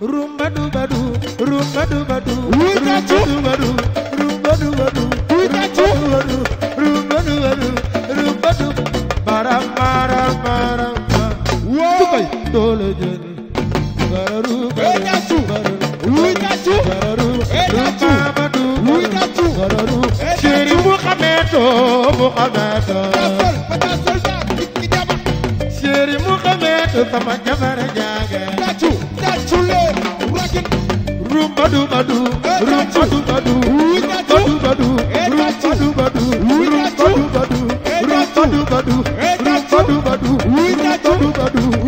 rumba du badu rumba du badu rumba du badu rumba du badu rumba du badu rumba du badu rumba du bara bara bara wo koy dole jen garu garu rumba du garu rumba badu rumba du garu sheri muhammedo muhammedo patal patal soldat ikki jama sheri muhammedo sama jamara jaga madu madu ru madu madu ru madu madu ru madu madu ru madu madu ru madu madu ru madu madu ru madu madu